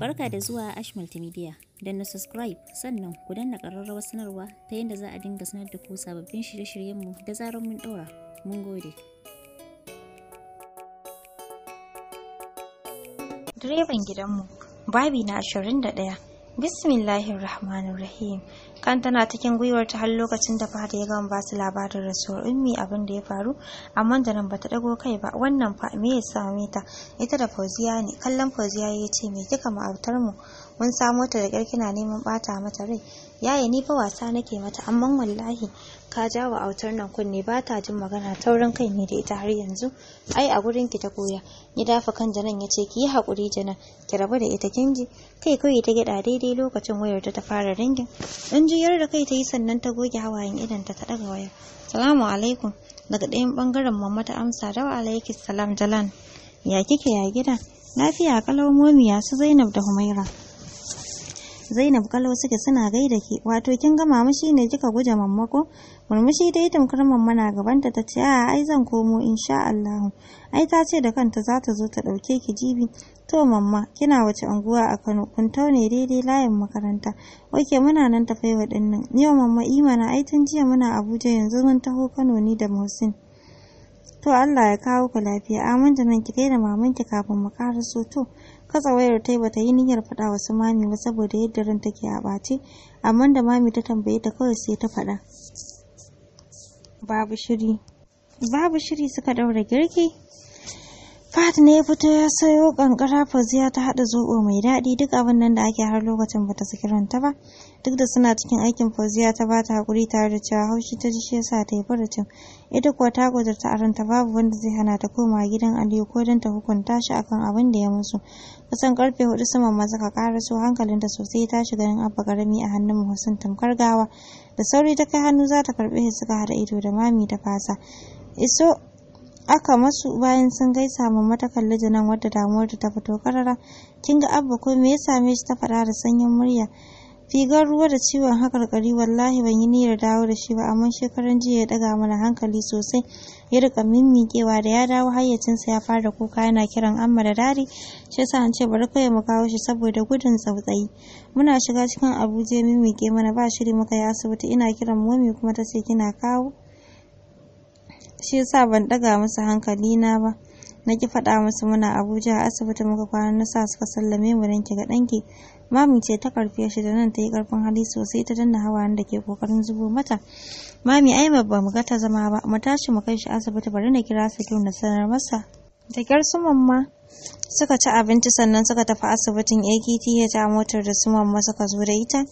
Barka da zuwa Ash Multimedia. Don na subscribe sannan ku danna ƙararrawar sanarwa ta yadda za a dinga sanar da ku sababbin shirye-shiryenmu da zarar mun ɗora. Mun gode. Direban gidanmu, babi na ashirin da ɗaya. Bismillahir Rahmanir Rahim. Kan tana cikin gwiwar ta har lokacin da fata ya gama basu labarin rasuwar ummi abin da ya faru, amma da nan bata dago kai ba. Wannan fa me ya same ta? Ita da Fauziya ne. Kallon Fauziya ya ce me kika ma'autar mu? mun samo ta da kyar kina neman bata mata rai yaye ni fa wasa nake mata amma wallahi ka ja wa autar nan kunne ba ta jin magana taurin kai ne da ita har yanzu ai a gurin ki ta koya Ni dafa kan janan ya ce ki yi hakuri janan ki rabu da ita kin ji kai kawai ta gida daidai lokacin wayar ta ta fara ringin dan juyar da kai ta yi sannan ta goge hawayen idan ta ta daga wayar salamu alaikum daga ɗayan bangaren mamma ta amsa da wa alaikis salam jalan ya kike ya gida lafiya kalau momiya su zainab da humaira Zainab kalau suke suna gaida ke wato kin ga mama ne kika guje mammako murmushi dai tamkar mamma na gaban ta tace a ai zan komo insha Allah ai ta ce da kanta za ta zo ta dauke ki jibi to mamma kina wace unguwa a Kano kun taune daidai layin makaranta oke muna nan faiwa dinnan yau mamma imana ai tun jiya muna Abuja yanzu mun taho Kano ni da Muhsin to Allah ya kawo ku lafiya amin da nan ki da mamanki kafin mu karaso to katsa wayar ta bata yi niyyar faɗa wa su mami ba saboda yadda ran take a ɓace amma da mami ta tambaye ta kawai sai ta faɗa babu shiri babu shiri suka ɗaura girki Fat ne ya fito ya sayo kankara faziya ta haɗa zobo mai daɗi duk abin nan da ake har lokacin bata saki ranta ba. Duk da suna cikin aikin faziya ta ba ta hakuri tare da cewa haushi ta ji shi yasa ta yi furucin. Ita kuwa ta gudurta a ranta babu wanda zai hana ta koma gidan Aliyu ko don ta hukunta shi akan abin da ya musu. Kusan karfe hudu saman ma suka hankalin hankalinta sosai ta shiga ganin abba karami a hannun Muhsin tamkar gawa. Da sauri ta kai hannu za ta karbe shi suka haɗa ido da mami ta fasa. Iso aka masu bayan sun gaisa ma mata kalli nan wadda damuwar ta fito karara kin ga abba ko me ya same shi ta faɗa da sanyin murya figar ruwa da ciwon hakarkari wallahi ban yi niyyar dawo da shi ba amma shekaran jiya ya daga mana hankali sosai ya rika mimmiƙewa da ya dawo hayyacinsa ya fara kuka yana kiran amma da dare shi yasa an ce bari kai mu kawo shi saboda gudun tsautsayi muna shiga cikin abuja ya mimmiƙe mana ba shiri muka yi asibiti ina kiran momi kuma ta ce kina kawo shi yasa ban daga musu hankali na ba na ki faɗa musu muna abuja a asibiti muka kwana na sa suka sallame mu dan ga ɗanki mami ce ta karfe shi da nan ta yi karfin hali sosai ta danna hawayen da ke kokarin zubo mata mami ai ba mu ga ta zama ba mu tashi mu kai shi asibiti bari na kira su na sanar masa da kyar su mamma suka ci abinci sannan suka tafi asibitin AKT ya ta motar da su mamma suka zo da ita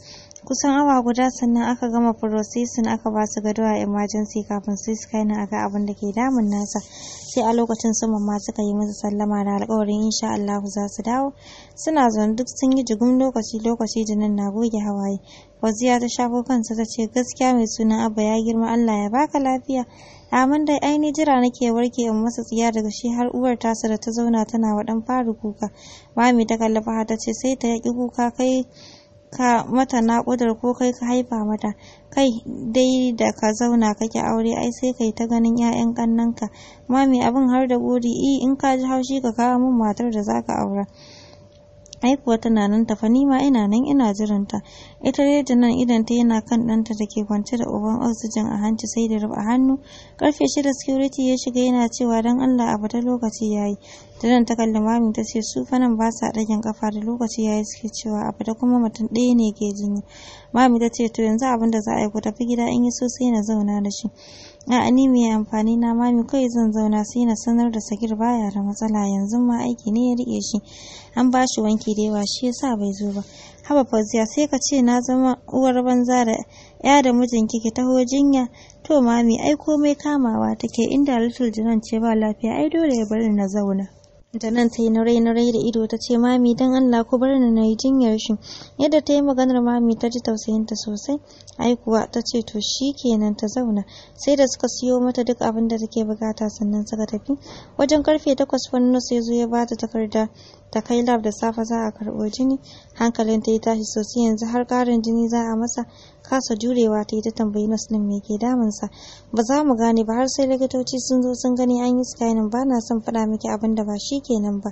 kusan awa guda sannan aka gama furosisin aka ba su gado a emergency kafin su nan aka abin da ke damun nasa sai a lokacin su mamma suka yi masa sallama da alƙawarin insha Allah za su dawo suna zaune duk sun yi jigun lokaci lokaci da nan na goge hawaye waziya ta shafo kansa ta ce gaskiya mai suna abba ya girma Allah ya baka lafiya amin da aini jira nake warke in masa tsiya daga shi har uwar tasa da ta zauna tana wa dan faru kuka mami ta kallafa ta ce sai ta yaki kuka kai ka mata naƙudar ko kai ka haifa mata kai dai da ka zauna kake aure ai sai kai ta ganin 'ya'yan ƙannanka mami abin har da gori i in ka ji haushi ka kawo min matar da za ka aura ai kuwa tana nan tafa ni ma ina nan ina jiran ta ita dai janan idan ta yana kan ɗanta da ke kwance da uban oxygen a hanci sai da a hannu karfe shida security ya shiga yana cewa dan allah a bata lokaci yayi janan ta kalli mamin ta ce su fa nan ba sa ɗagen kafa da lokaci yayi suke cewa a bata kuma mutum ɗaya ne ke jini? mami ta ce to yanzu abin da za a yi ku tafi gida in yi so sai na zauna da shi a'a ni mai amfani na mami kai zan zauna sai na sanar da sagir baya da matsala yanzu ma aiki ne ya rike shi an ba shi wanki da yawa shi yasa bai zo ba haba fauziya sai ka ce na zama uwar banza da ya da mijin kike taho jinya to mami ai komai kamawa take inda little jinan ce ba lafiya ai dole ya bari na zauna da nan ta yi na rai da ido ta ce, Mami, don Allah ku bar ni na yi jinyar shi. Yadda ta yi maganar Mami ta ji tausayinta sosai, ai kuwa ta ce, To shi kenan ta zauna. Sai da suka siyo mata duk abin da take bukata sannan suka tafi. Wajen karfe takwas wani nasu ya zo ya ba ta takarda ta kai lab da safe za a karɓo jini. Hankalin ta yi tashi sosai yanzu har karin jini za a masa. kasa jurewa ta yi ta tambayi nas din me ke damunsa ba za mu gane ba har sai likitoci sun zo sun gani an yi scanning ba na son faɗa miki abin da ba shi kenan ba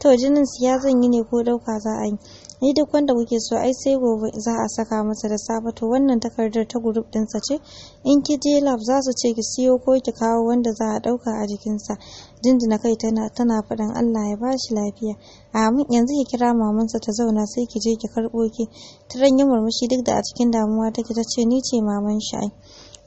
to jinin siya ya zan yi ne ko ɗauka za a yi ni duk wanda kuke so ai sai gobe za a saka masa da safe to wannan takardar ta group sa ce in ki je lab za su ce ki siyo ko ki kawo wanda za a ɗauka a jikinsa jinjina kai tana tana faɗin Allah ya bashi lafiya amin yanzu ki kira mamansa ta zauna sai ki je ki karɓo ki ta yi murmushi duk da a cikin damuwa take ta ce ni ce maman shi ai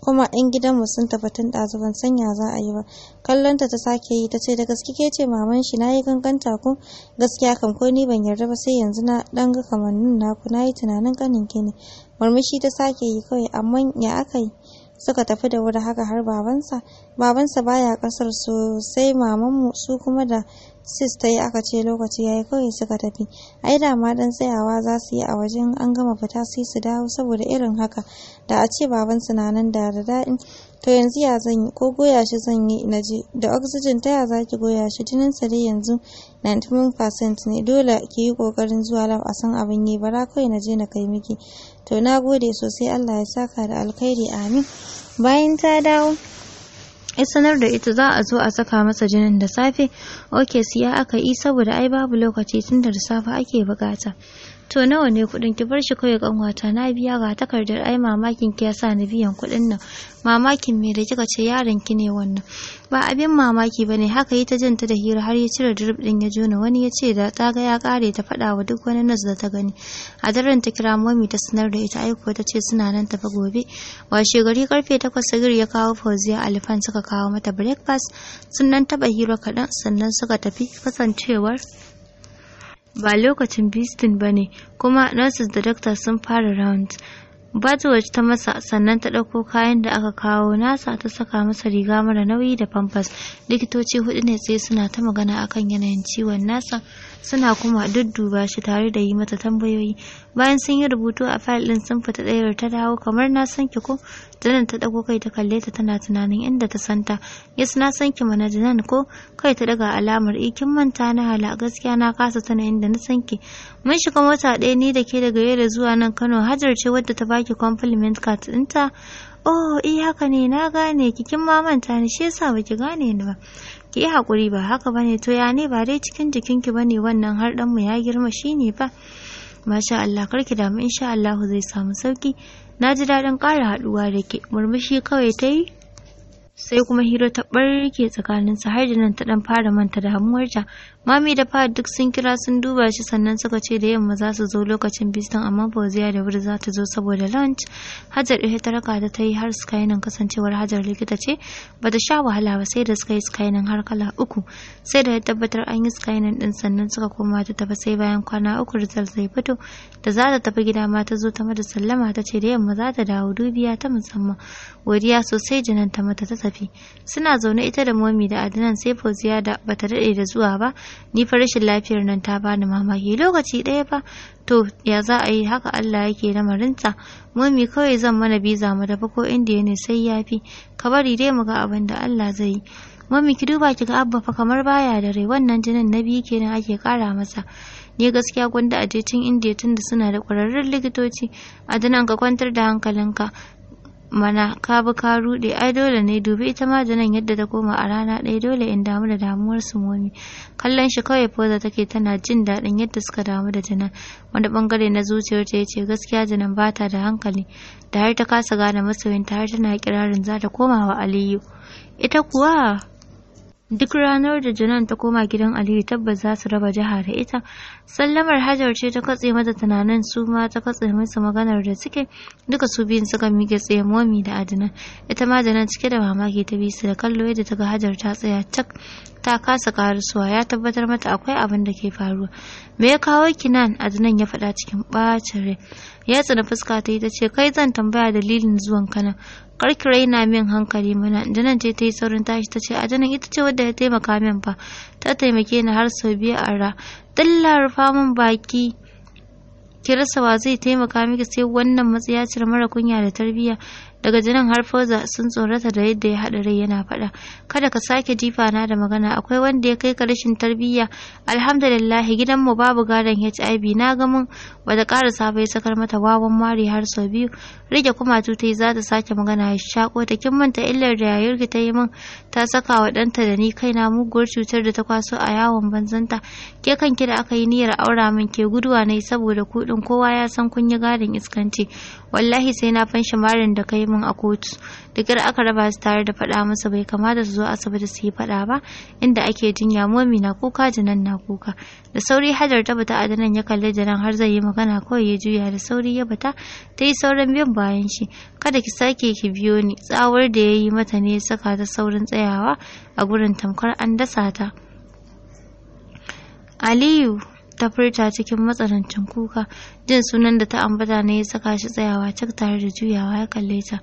kuma 'yan gidanmu sun tafi tun ɗazu ban san za a yi ba kallonta ta sake yi ta ce da gaske ke ce maman shi na yi ganganta ku gaskiya kam ko ni ban yarda ba sai yanzu na ɗan ga kamannin naku na yi tunanin ƙanin ki ne murmushi ta sake yi kawai amma ya aka yi suka tafi da wuri haka har babansa babansa baya kasar sosai mamanmu su kuma da sis ta yi aka ce lokaci ya yi kawai suka tafi ai da ma dan tsayawa za su yi a wajen an gama fita sai su dawo saboda irin haka da a ce babansu na nan da da daɗin to yanzu ya zan yi ko goya shi zan yi na ji da oxygen ta ya zaki goya shi jinin sa dai yanzu 91% ne dole ki yi kokarin zuwa lab a san abin yi bara kawai na je na kai miki to na gode sosai Allah ya saka da alkhairi amin bayan ta dawo ya sanar da ita za a zo a saka masa jinin da safe oke siya aka yi saboda ai babu lokaci tun da safe ake bukata to nawa ne kuɗin ki bar shi kawai kanwata na biya ga takardar ai mamakin ki ya sa ni biyan kuɗin nan mamakin me da kika ce yaron ki ne wannan ba abin mamaki bane haka yi ta jin da hira har ya cire drip din ya jona wani ya ce da ta ga ya kare ta faɗawa wa duk wani nas da ta gani a daren ta kira mami ta sanar da ita aiko ta ce suna nan tafi gobe washe gari karfe takwas sagir ya kawo fauziya alifan suka kawo mata breakfast sunan taba hira kaɗan sannan suka tafi kasancewar ba lokacin bistin ba ne kuma nurses da doctor sun fara round Badwatch ta masa sannan ta ɗauko kayan da aka kawo nasa ta saka masa riga mara nauyi da pampers likitoci hudu ne sai suna ta magana akan yanayin ciwon nasa suna kuma dudduba shi tare da yi mata tambayoyi bayan sun yi rubutu a fayil din sun fita ɗayar ta dawo kamar na san ki ko janan ta ɗago kai ta kalle ta tana tunanin inda ta santa yes na san ki mana janan ko kai ta daga alamar ikin eh, manta na hala gaskiya na kasa tana inda na san ki mun shiga mota ɗaya ni da ke daga yau zuwa nan kano hajar ce wadda ta baki compliment card ɗinta oh iya eh, haka ne na gane kikin ma manta ni shi yasa baki gane ni ba ki yi hakuri ba haka bane to ya ne ba dai cikin jikinki bane wannan har dan mu ya girma shi ne ba masha Allah ki damu insha Allah zai samu sauki na ji daɗin ƙara haɗuwa da ke murmushi kawai ta yi sai kuma hira ta barke tsakaninsu har da nan ta dan fara manta da hamuwarta mami da fa duk sun kira sun duba shi sannan suka ce da yamma za su zo lokacin bistan amma fauziya da wuri za ta zo saboda lunch hajar ita ta raka da ta yi har skynan kasancewar hajar likita ce ba ta sha wahala ba sai da suka yi skynan har kala uku sai da ya tabbatar an yi skynan din sannan suka koma ta tafi sai bayan kwana uku da zai fito da za ta tafi gida ma ta zo ta mada sallama ta ce da yamma za ta dawo dubiya ta musamman godiya sosai jinanta mata ta tafi suna zaune ita da momi da adinan sai fauziya da bata daɗe da zuwa ba ni fa rashin lafiyar nan ta bani mamaki lokaci ɗaya ba to ya za a yi haka allah yake lamarinta momi kawai zan mana biza mu dafa ko indiya ne sai yafi ka bari dai mu ga abin da allah zai yi Momi, ki duba ki ga abba fa kamar baya da rai wannan jinin na biyu kenan ake kara masa ni gaskiya gwanda a jecin indiya tunda suna da kwararrun likitoci a ka kwantar da hankalinka mana ka bi ka rude ai dole ne dubi ita ma janan yadda ta koma a rana ɗaya dole in damu da damuwar su momi kallon shi kawai foza take tana jin daɗin yadda suka damu da jana. wani bangare na zuciyar ta yace gaskiya janan bata da hankali da har ta kasa gane masoyinta har tana kirarin za ta koma wa aliyu ita kuwa duk ranar da janan ta koma gidan aliyu tabbas za su raba jiha da ita sallamar hajar ce ta katse mata tunanin su ma ta katse masa maganar da suke duka su biyun suka mike tsaye momi da adina ita ma janan cike da mamaki ta bi su da kallo yadda ta ga hajar ta tsaya cak ta kasa karasuwa ya tabbatar mata akwai abin da ke faruwa me ya kawo ki nan adnan ya faɗa cikin ɓacin rai ya tsina fuska ta yi ta ce kai zan tambaya dalilin zuwan kana karki raina min hankali mana janan ce ta yi saurin tashi ta ce a janan ita ce wadda ya taimaka min fa ta taimake ni har sau biyu a ra dalla rufa min baki ki rasa wa zai taimaka miki sai wannan matsayaciyar mara kunya da tarbiyya daga jinin har foza sun tsorata da yadda ya haɗa rai yana faɗa kada ka sake jifa na da magana akwai wanda ya kai ka rashin tarbiyya alhamdulillah gidanmu babu gadon hiv na ga mun bata ƙara ya sakar mata wawan mari har sau biyu rage kuma tutai za ta sake magana ya shako ta kin manta illar da yayar ta yi min ta saka wa ɗanta da ni kaina muguwar cutar da ta kwaso a yawon banzanta ke kanki da aka yi niyyar aura min ke guduwa ne saboda kuɗin kowa ya san kun yi gadon iskanci wallahi sai na fanshi marin da kai min a kotu da aka raba su tare da faɗa masa bai kamata su zo asibiti su yi faɗa ba inda ake jinya momi na kuka jinan na kuka da sauri hajar ta bata adanan ya kalli nan har zai yi magana kawai ya juya da sauri ya bata ta yi sauran bin bayan shi kada ki sake ki biyo ni tsawar da ya yi mata ne saka ta saurin tsayawa a gurin tamkar an dasa ta aliyu ta furta cikin matsanancin kuka jin sunan da ta ambata ne ya saka shi tsayawa cak tare da juyawa ya kalle ta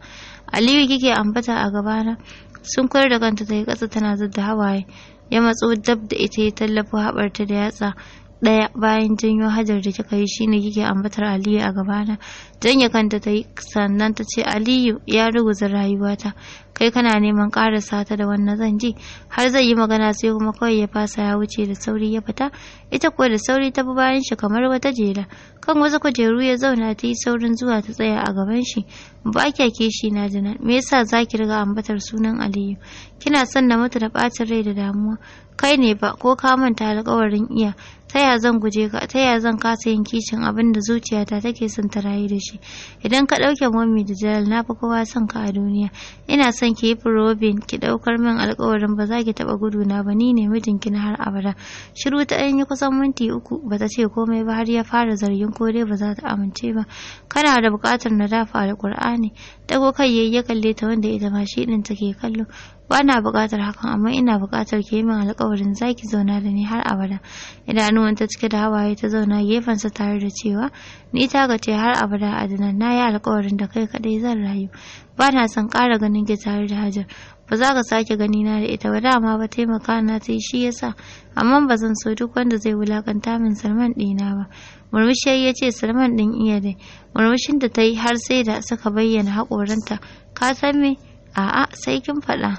aliyu kike ambata a gabana sun koyar da kanta ta yi ƙasa tana zadda hawaye ya matso dab da ita ya tallafo haɓarta da yatsa ɗaya bayan janyo hajar da kika yi shine kike ambatar aliyu a gabana janye kanta ta yi sannan ta ce aliyu ya ruguza rayuwata kai kana neman karasa ta da wannan zan ji har zai yi magana sai kuma kawai ya fasa ya wuce da sauri ya fita ita kuwa da sauri ta bi bayan shi kamar wata jela kan wasu kujeru ya zauna ta yi saurin zuwa ta tsaya a gaban shi ba kya kishi na jina me yasa zaki riga ambatar sunan aliyu kina son na mutu da bacin rai da damuwa kai ne ba ko ka manta alƙawarin iya ta ya zan guje ka ta ya zan kasa yin kicin abin da zuciyata take son ta rayu da shi idan ka ɗauke mummy da jalal na fi kowa son ka a duniya ina son ki yi probin ki ɗaukar min alkawarin ba za ki taɓa gudu na ba ni ne mijinki na har abada shiru ta ɗan yi kusan minti uku ba ta ce komai ba har ya fara zargin ko dai ba za ta amince ba kana da buƙatar na dafa alƙur'ani dago kai yayi ya kalle ta wanda ita ma shi ɗin take kallo ba na buƙatar hakan amma ina buƙatar ki yi min alƙawarin za ki zauna da ni har abada idan ta cike da hawaye ta zauna gefen gefensa tare da cewa ni ta gace har abada adana na yi alkawarin da kai kadai zan rayu ba na son ƙara ganin ki tare da hajar ba za ka sake gani na da ita ba dama ba taimaka na ta yi shi yasa amma ba zan so duk wanda zai wulakanta min salman ɗina ba murmushi ya ce salman din iya dai murmushin da ta yi har sai da suka bayyana haƙoranta ka san me a'a sai kin faɗa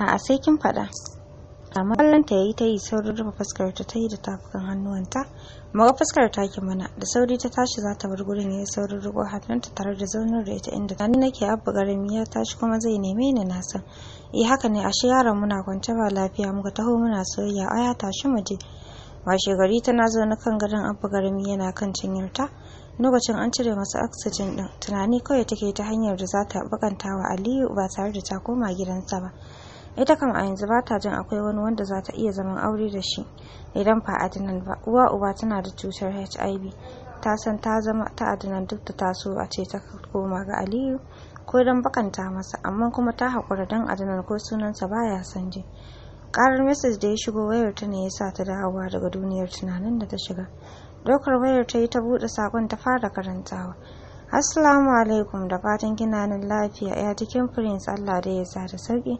a'a sai kin faɗa amma kallonta ya yi ta yi saurin rufe fuskar ta yi da tafukan hannuwanta maga fuskar ta ki mana da sauri ta tashi za ta bar gurin ya yi saurin riko hannunta tare da zaunar da ita inda tani nake abba garami ya tashi kuma zai neme ni na san eh haka ne ashe yaron muna kwance ba lafiya muka taho muna soyayya a ya tashi mu je washe gari tana zaune kan gadon abba garami yana kan cinyarta lokacin an cire masa oxygen din tunani kawai take ta hanyar da za ta bakanta wa aliyu ba tare da ta koma gidansa ba ita kam a yanzu ba ta jin akwai wani wanda za ta iya zaman aure da shi idan ba adinan ba uwa uba tana da cutar hiv ta san ta zama ta adinan duk da taso a ce ta koma ga aliyu ko don bakanta masa amma kuma ta haƙura don adinan ko sunansa baya san je karar message da ya shigo wayar ta ne ya sa ta dawowa daga duniyar tunanin da ta shiga ɗaukar wayar ta yi ta buɗe sakon ta fara karantawa assalamu alaikum da fatan kina nan lafiya ya cikin prince allah da ya sa da sauƙi.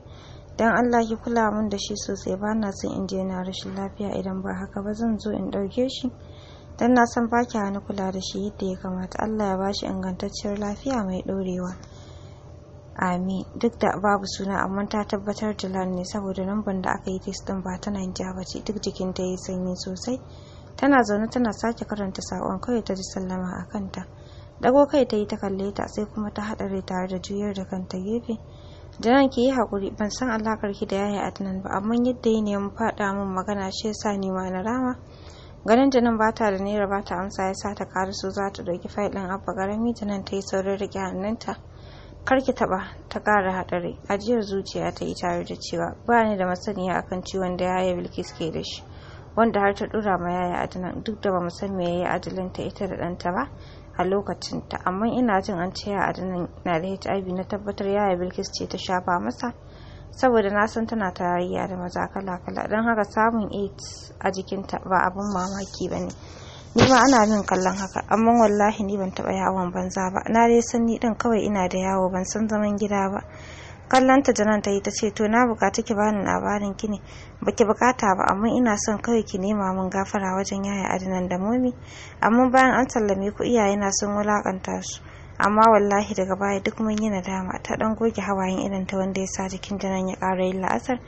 don Allah ki kula min da shi sosai ba na son in je na rashin lafiya idan ba haka ba zan zo in ɗauke shi don na san ba ki hannu kula da shi yadda ya kamata Allah ya bashi ingantacciyar lafiya mai ɗorewa amin duk da babu suna amma ta tabbatar lan ne saboda lambar da aka yi test din ba ta Najeriya ba ce duk jikinta ya yi sanyi sosai tana zaune tana sake karanta saƙon kawai ta ji sallama a kanta dago kai ta yi ta kalle ta sai kuma ta rai tare da juyar da kanta gefe Jiran ki yi hakuri ban san alakar ki da yaya Adnan ba amma yadda ya nemi faɗa min magana shi yasa ni ma na rama. Ganin Janan ba ta da naira bata amsa ya sa ta so za ta ɗauki fayil ɗin abba da Janan ta yi saurin rike hannunta. Kar ki taɓa ta ƙara haɗari ajiyar zuciya ta yi tare da cewa ba ni da masaniya akan ciwon da yaya Bilkis ke da shi. wanda har ta dura ma yaya Adnan duk da ba mu san me yi ajalin ta ita da ɗanta ba a lokacin ta amma ina jin an ce ya adana na da hiv na tabbatar yaya bilkis ce ta shafa masa saboda na san tana tarayya da maza kala kala don haka samun aids a jikinta ba abin mamaki ba ne ni ma ana min kallon haka amma wallahi ni ban taba yawon banza ba na dai sanni ni ɗin kawai ina da yawo ban san zaman gida ba kallanta janan ta yi ta ce to na bukaci ki bani labarin ki ne baki bukata ba amma ina son kawai ki nema mun gafara wajen yaya adinan da momi amma bayan an sallame ku iyaye na sun wulakanta su amma wallahi daga baya duk mun yi nadama ta dan goge hawayen irin ta wanda ya sa jikin janan ya ƙara yin la'asar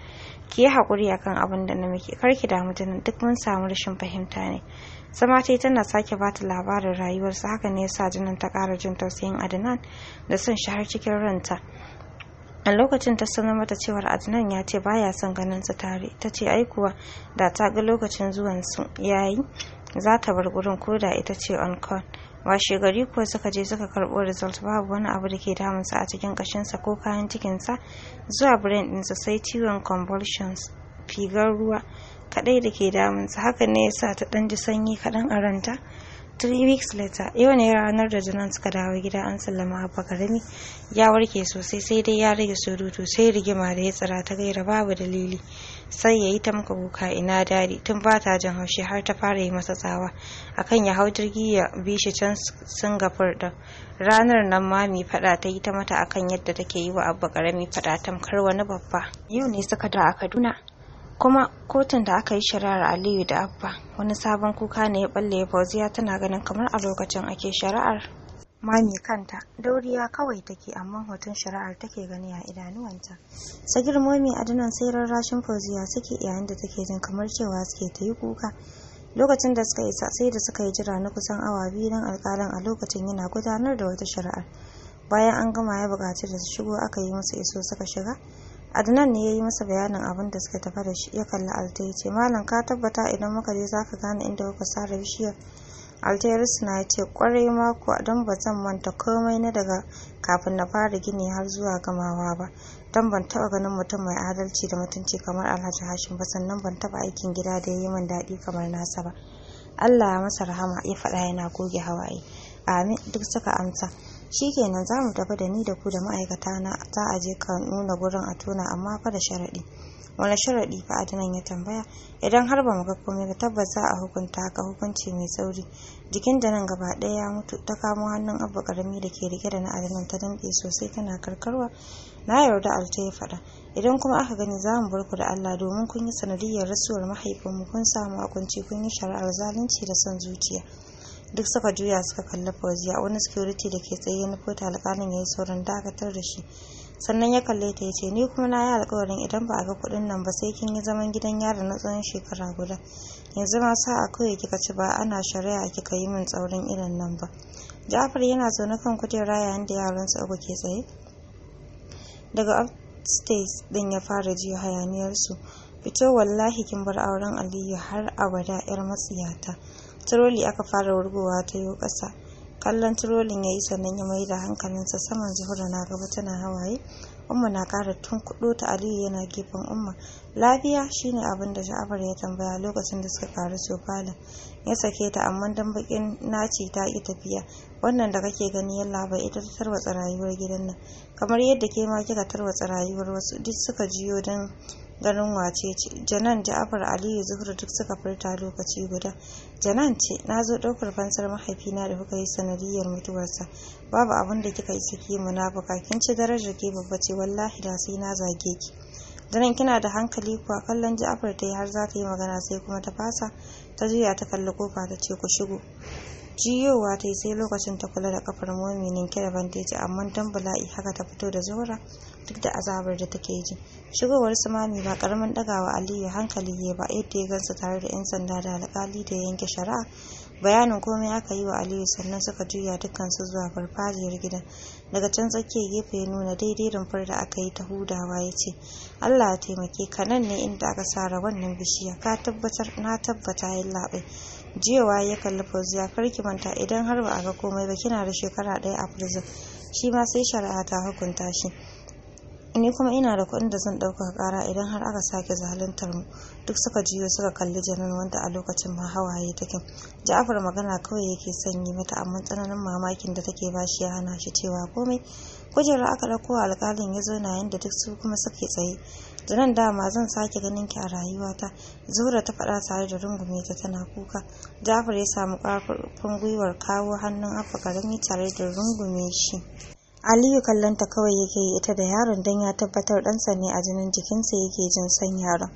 ki yi haƙuri akan abin da na miki kar ki damu janan duk mun samu rashin fahimta ne sama ta tana sake ba ta labarin rayuwarsa haka ne ya sa janan ta kara jin tausayin adinan da son shi cikin ranta a lokacin ta sanar mata cewar adnan ya ce baya son ganin su tare ta ce aikuwa da ta ga lokacin zuwan su yayi za ta bar gurin ko da ita ce on call washe gari kuwa suka je suka karɓo result babu wani abu da ke damunsa a cikin kashin sa ko kayan cikin sa zuwa brain sa sai ciwon convulsions figar ruwa kadai da ke damun sa hakan ne yasa ta ɗan ji sanyi kaɗan a ranta three weeks later yau ne ranar da junan suka dawo gida an sallama abba karami ya warke sosai sai dai ya rage surutu sai rigima da ya tsira ta gaira babu dalili sai ya yi ta maka kuka ina dadi tun ba ta jin haushi har ta fara yi masa tsawa akan ya hau jirgi ya bi shi can singapore din ranar nan mami fada ta yi ta mata akan yadda take yi wa abba karami fada tamkar wani babba yau ne suka da a kaduna kuma kotun da aka yi shari'ar aliyu da abba wani sabon kuka ne ya balle fauziya tana ganin kamar a lokacin ake shari'ar mami kanta dauriya kawai take amma hoton shari'ar take gani a idanuwanta sagir momi adnan sai rarrashin fauziya suke yayin da take jin kamar cewa suke ta yi kuka lokacin da suka isa sai da suka yi jira na kusan awa biyu don alkalin a lokacin yana gudanar da wata shari'ar bayan an gama ya bukaci da su shigo aka yi musu iso suka shiga adnan ne ya yi masa bayanin abin da suka tafa da shi ya kalli alta ya ce malam ka tabbata idan muka je zaka gane inda kuka sare bishiyar alta ya rusuna ya ce kwarai mako don ba zan manta komai na daga kafin na fara gini har zuwa gamawa ba don ban taba ganin mutum mai adalci da mutunci kamar alhaji hashim ba sannan ban taba aikin gida da ya yi min daɗi kamar nasa ba allah ya masa rahama ya faɗa yana goge hawaye amin duk suka amsa shikenan za mu tafi da ni da ku da ma'aikata na za a je ka nuna gurin a tona amma fa da sharaɗi wani sharaɗi fa adnan ya tambaya idan har ba mu ga komai ba tabbas za a hukunta ka hukunci mai tsauri jikin da nan gaba ɗaya ya mutu ta kamo hannun abba karami da ke rike da na adnan ta danɗe sosai tana karkarwa na yarda alta ya faɗa idan kuma aka gani za mu bar ku da allah domin kun yi sanadiyyar rasuwar mahaifinmu kun samu hukunci kun yi shari'ar zalunci da son zuciya duk suka juya suka kalli fauziya wani security da ke tsaye na fota alƙalin ya yi saurin dakatar da shi sannan ya kalle ta ya ce ni kuma na yi alƙawarin, idan ba a ga kuɗin nan ba sai kin yi zaman gidan yari na tsawon shekara guda yanzu ma sa a kawai kika ci ba ana shari'a kika yi min tsaurin irin nan ba jafar yana zaune kan kujera yayin da yaransa uku ke tsaye daga upstairs din ya fara ji hayaniyarsu fito wallahi kin bar auren aliyu har abada yar matsiyata tiroli aka fara wurgowa ta yo ƙasa. Kallon turolin ya yi sannan ya mai da hankalinsa saman Zuhura na gaba tana hawaye. Umma na ƙara kuɗo ta Aliyu yana gefen Umma. Lafiya shine abin da sha'abar ya tambaya lokacin da suka ƙaru falon Ya sake ta amma dan bakin naci ta ƙi tafiya. Wannan da kake gani yalla laba ita ta tarwatsa rayuwar gidan nan. Kamar yadda ke ma kika tarwatsa rayuwar wasu duk suka jiyo dan ganin wace ce janan ja'afar aliyu zuhru duk suka furta lokaci guda janan ce na zo ɗaukar fansar mahaifina da kuka yi sanadiyar mutuwarsa babu abin da kika yi saki buka kin ci darajar ke babba ce wallahi da sai na zage ki janan kina da hankali kuwa kallon ja'afar ta yi har za ta yi magana sai kuma ta fasa ta juya ta kalli kofa ta ce ku shigo jiyowa ta yi sai lokacin ta kula da kafar mominin kira da bandeji amma dan bala'i haka ta fito da zuhra. duk da azabar da take ji shigowar su mami ba karamin dagawa aliyu hankali ya ba yadda ya gansa tare da yan sanda da alkali da yanke shari'a bayanin komai aka yi wa aliyu sannan suka juya dukkansu zuwa farfajiyar gidan daga can tsakiyar gefe ya nuna daidai rumfar da aka yi ta hudawa ya ce allah ya taimake ka nan ne inda aka sara wannan bishiya ka tabbatar na tabbata yin labai jiyawa ya kalli fauziya karki manta idan har ba a ga komai ba kina da shekara ɗaya a prison shi ma sai shari'a ta hukunta shi ni kuma ina da kuɗin da zan ɗauka ƙara idan har aka sake zaluntar mu duk suka jiyo suka kalli janan wanda a lokacin ma hawaye take ja'afar magana kawai yake sanyi mata amma tsananin mamakin da take bashi ya hana shi cewa komai kujera aka ɗauko alƙalin ya zo na yanda duk su kuma suke tsaye janan dama zan sake ganin ki a rayuwata zura ta faɗa tare da rungume ta tana kuka ja'afar ya samu ƙarfin gwiwar kawo hannun afa karami tare da rungume shi Aliyu kallonta kawai yake yi ita da yaron don ya tabbatar ɗansa ne a jinin jikinsa yake jin son yaron.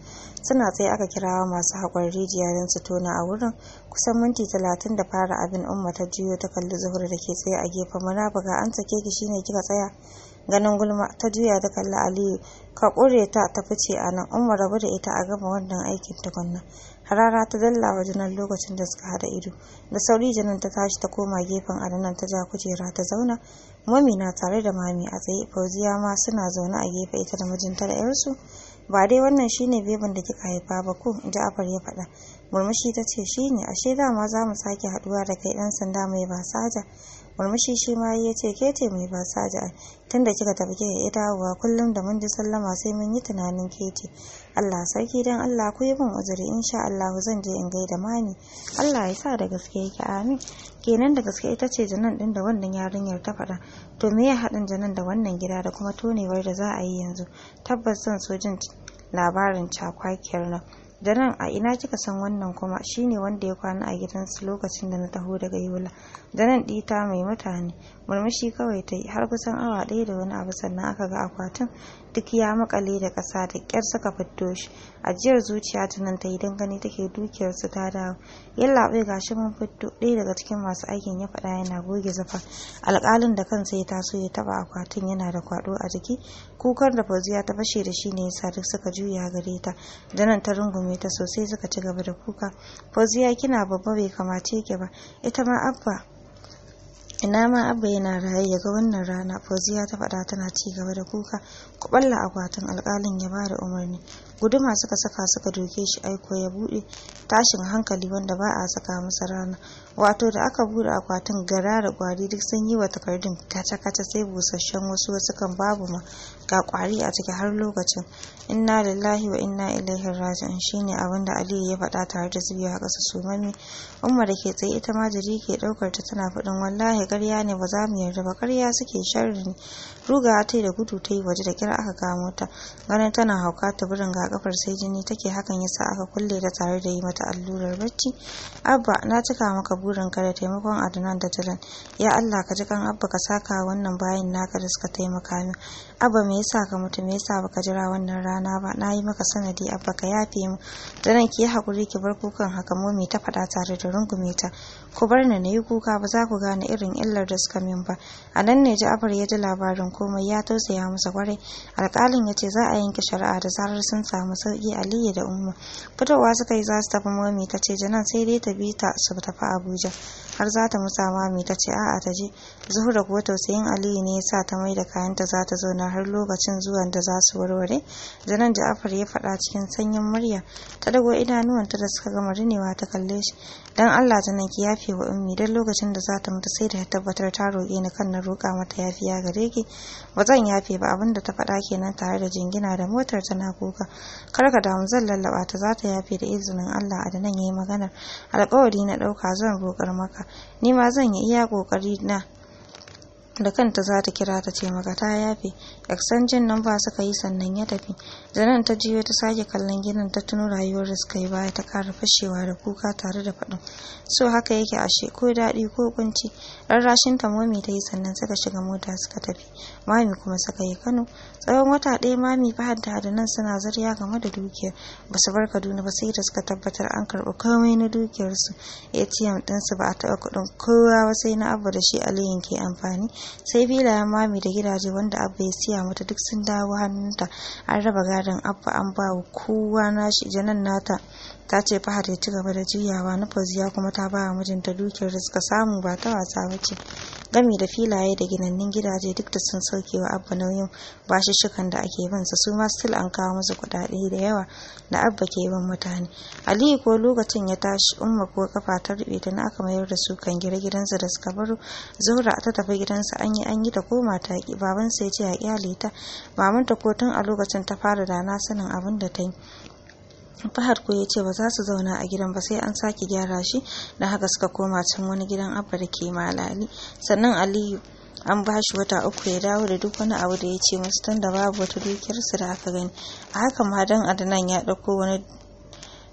Suna tsaye aka kirawa masu haƙon rijiya don su tona a wurin kusan minti talatin da fara abin umma ta juyo ta kalli zuhur da ke tsaye a gefen ga an sake ki shine kika tsaya. Ganin gulma ta juya ta kalli Aliyu ka ƙure ta ta fice a nan umma rabu da ita a gama wannan aikin tukunna. harara ta dalla wa junan lokacin da suka hada ido da sauri jinin ta tashi ta koma gefen adanan ta ja kujera ta zauna mami na tare da mami a tsaye Fauziya ma suna zaune a gefe ita da mijinta da 'yarsu. ba dai wannan shine beban da kika haifa ba ko Ja'far ya faɗa murmushi ta ce shine ashe dama za mu sake haɗuwa da kai ɗan sanda mai basaja murmushi shi ma ya ce ke ce mai ba sa da tunda kika tafi kika ita dawowa kullum da mun ji sallama sai mun yi tunanin ke ce Allah sarki dan Allah ku yi min uzuri insha Allah zan je in gaida ne Allah ya sa da gaske yake amin kenan da gaske ita ce janan din da wannan yarinyar ta faɗa to me ya haɗin janan da wannan gida da kuma tonewar da za a yi yanzu tabbas zan so jin labarin cakwakiyar nan da nan a ina kika san wannan kuma shine wanda ya kwana a gidansu lokacin da na taho daga yola da nan ɗita mai mutane murmushi kawai ta yi har kusan awa ɗaya da wani abu sannan aka ga akwatin duk ya makale da ƙasa da ƙyar suka fito shi ajiyar zuciya ta nan ta yi gani take su ta dawo ga shi mun fito ɗaya daga cikin masu aikin ya faɗa yana goge zafa alƙalin da kansa ya so ya taɓa akwatin yana da kwaɗo a jiki kukar da fauziya ta fashe da shi ne yasa duk suka juya gare ta da nan ta rungume ta sosai suka ci gaba da kuka fauziya kina babba bai kamace ki ba ita ma abba Ina ma Abba yana raye ya ga wannan rana, Fauziya ta faɗa tana ci gaba da kuka. Ku ɓalla akwatin, alkalin ya bada umarni. guduma suka saka suka doke shi aiko ya bude tashin hankali wanda ba a saka masa rana wato da aka bude akwatin gara da kwari duk sun yi wa takardun kaca-kaca sai busasshen wasu wasu kan babu ma ga kwari a ciki har lokacin inna lillahi wa inna ilaihi raji'un shine abin da aliyu ya faɗa tare da zubiya a ƙasa mami umma da ke tsaye ita ma jiri ke ɗaukar ta tana faɗin wallahi ƙarya ne ba za mu yarda ba ƙarya suke sharri ne rugawa ta da gudu ta yi waje da kira aka kamo ta ganin tana hauka ta birin ga kafar sai jini take hakan yasa aka kulle ta tare da yi mata allurar bacci abba na cika maka burin ka da taimakon adnan da jalan ya allah ka ji kan abba ka saka wannan bayan naka da suka taimaka min abba me yasa ka mutu me yasa baka jira wannan rana ba na yi maka sanadi abba ka yafe mu jalan ki yi hakuri ki bar kukan haka momi ta faɗa tare da rungume ta ku bar ni na yi kuka ba za ku gane irin illar da suka min ba a nan ne abar ya ji labarin komai ya tausaya masa kwarai alkalin ya ce za a yanke shari'a da zarar sun samu sauki aliyu da umma fitowa suka yi za su tafi mami ta ce janan sai dai ta bi ta su tafi abuja har za ta musa mami ta ce a'a ta je zuhura kuwa tausayin aliyu ne ya sa ta mai da kayanta za ta zauna har lokacin zuwan da za su warware janan ja'afar ya faɗa cikin sanyin murya ta dago idanuwanta da suka gama rinewa ta kalle shi dan allah janan ki yafe wa ummi don lokacin da za ta mutu sai da ta tabbatar ta roƙe ni kan na roƙa mata yafiya gare ki ba zan yafe ba abin da ta faɗa kenan tare da jingina da motar tana kuka kar ka damu zan lallaba ta za ta yafe da izinin Allah a nan yayi magana. alƙawari na ɗauka zan roƙar maka Nima zan yi iya ƙoƙari na da kanta za ta kira ta ce maka ta yafe exchange nan ba suka yi sannan ya tafi zanen ta jiyo ta sake kallon ginin ta tuno rayuwar da suka yi baya ta kara fashewa da kuka tare da faɗin so haka yake ashe ko daɗi ko kunci ɗan rashin ta momi ta yi sannan suka shiga mota suka tafi mami kuma suka yi kano tsawon wata ɗaya mami fahad da nan suna zarya game da dukiyar ba su bar kaduna ba sai da suka tabbatar an karɓi komai na dukiyarsu atm ɗinsu ba a taɓa kuɗin kowa ba sai na abu da shi aliyu ke amfani sai ya mami da gidaje wanda abu ya siya mata duk sun dawo hannunta an raba gadon abu an ba wa kowa nashi janan nata ta ce fahar ya ci gaba da juyawa na fauziya kuma ta bawa mijinta dukiyar da suka samu ba ta wasa ba ce gami da filaye da ginannin gidaje duk da sun sauke wa abba nauyin shukan da ake bin sa su ma still an kawo masa kuɗaɗe da yawa da abba ke bin mutane aliyu ko lokacin ya tashi umma ko kafa ta rube ta na aka mayar da su kan gire gidansa da suka baro zuhra ta tafi gidansa an yi an yi ta koma ta ki babansa ya ce a kyale ta mamanta ko tun a lokacin ta fara dana sanin abin da ta yi Fahad ko ya ce ba za su zauna a gidan ba sai an sake gyara shi da haka suka koma cin wani gidan abba da ke malali sannan Aliyu an ba shi wata uku ya dawo da duk wani abu da ya ce masu tun da babu wata dukiyar su da aka gani a haka ma dan adana ya ɗauko wani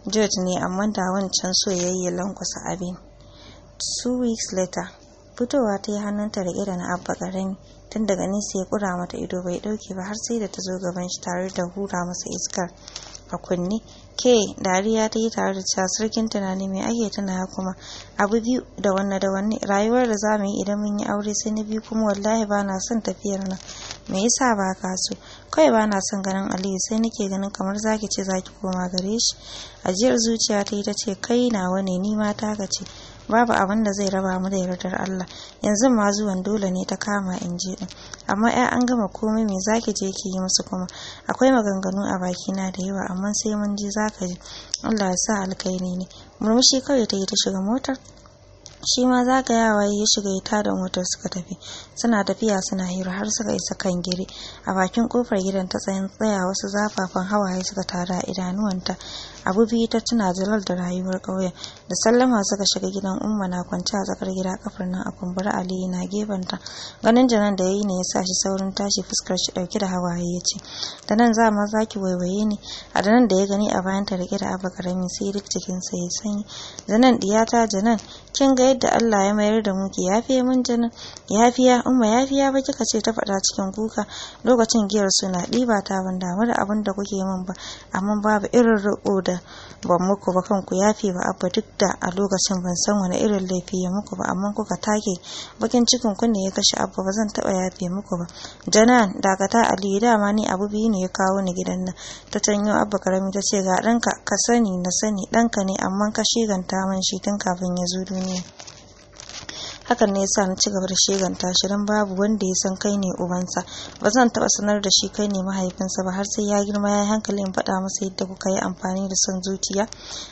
George ne amma da wancan so ya yi lankwasa abin two weeks later fitowa ta yi hannunta da irin abba ƙarami tun daga nesa ya kura mata ido bai dauke ba har sai da ta zo gaban shi tare da hura masa iskar a kunne ke dariya ta yi tare da cewa sarkin tunani mai ake tuna kuma abu biyu da wanne da wanne rayuwar da za mu yi idan mun yi aure sai na biyu kuma wallahi ba na son tafiyar nan me yasa ba ka so kawai ba na son ganin aliyu sai nake ganin kamar zaki ce zaki koma gare shi ajiyar zuciya ta yi ta ce kai nawa ne ni ma ta ce babu abin da zai raba mu da yardar Allah yanzu ma zuwan dole ne ta kama in je din amma ai an gama komai me zaki je ki yi musu kuma akwai maganganu a baki na da yawa amma sai mun je zaka ji Allah ya sa alkaini ne murmushi kawai ta yi ta shiga motar shi ma za ka yawa ya shiga ita da motar suka tafi suna tafiya suna hira har suka isa kan gire a bakin kofar gidan ta tsayin tsaya wasu zafafan hawaye suka tara idanuwanta abu biyu ta tuna jalal da rayuwar ƙauyen da sallama suka shiga gidan umma na kwance a tsakar gida kafar nan a kumbura aliyu na gefenta ganin janan da ya yi ne ya sa shi saurin tashi fuskar shi ɗauke da hawaye ya ce da nan za ma zaki waiwaye ne a da nan da ya gani a bayan ta rike da abu karami sai duk jikinsa ya sanyi janan ta janan kin ga yadda Allah ya mayar da mu ya fiye mun janan yafiya umma yafiya ba kika ce ta faɗa cikin kuka lokacin giyar suna ɗiba ta ban damu da abin da kuke min ba amma babu irin roƙo da da ban muku ba kanku yafe ba abba duk da a lokacin ban san wani irin laifi ya muku ba amma kuka take bakin cikin ku ne ya kashe abba ba zan taba yafe muku ba janan dakata aliyu dama ni abu biyu ne ya kawo ni gidan nan ta tanyo abba karami ta ce ga ɗanka ka sani na sani ɗanka ne amma ka shiganta man shi tun kafin ya zo duniya hakan ne yasa na ci gaba da sheganta shi don babu wanda ya san kai ne ubansa ba zan taɓa sanar da shi kai ne mahaifinsa ba har sai ya girma ya yi hankali in faɗa masa yadda kuka yi amfani da son zuciya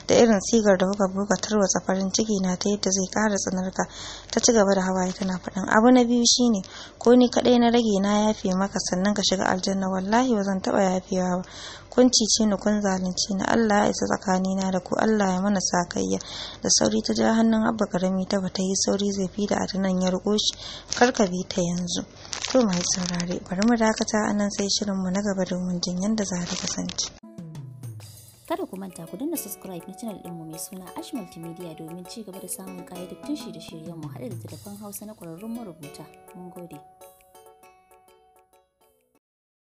da irin sigar da kuka buga tarwatsa farin ciki na ta yadda zai ƙara tsanarka ta ci gaba da hawaye tana faɗin abu na biyu shine ko ni kaɗai na rage na yafe maka sannan ka shiga aljanna wallahi ba zan taɓa yafewa ba kun cice ni kun zalunce ni Allah ya isa tsakanina da ku Allah ya mana sakayya da sauri ta ja hannun abba karami ta bata yi sauri zai fi da adanan ya riko shi ka bi ta yanzu to mai saurare bari mu dakata anan sai shirin mu na gaba domin jin yanda za ta kasance kada ku manta ku danna subscribe na channel ɗinmu mai suna ash multimedia domin ci gaba da samun kayyadattun shirye-shiryenmu haɗe da telefon hausa na ƙwararrun marubuta mun gode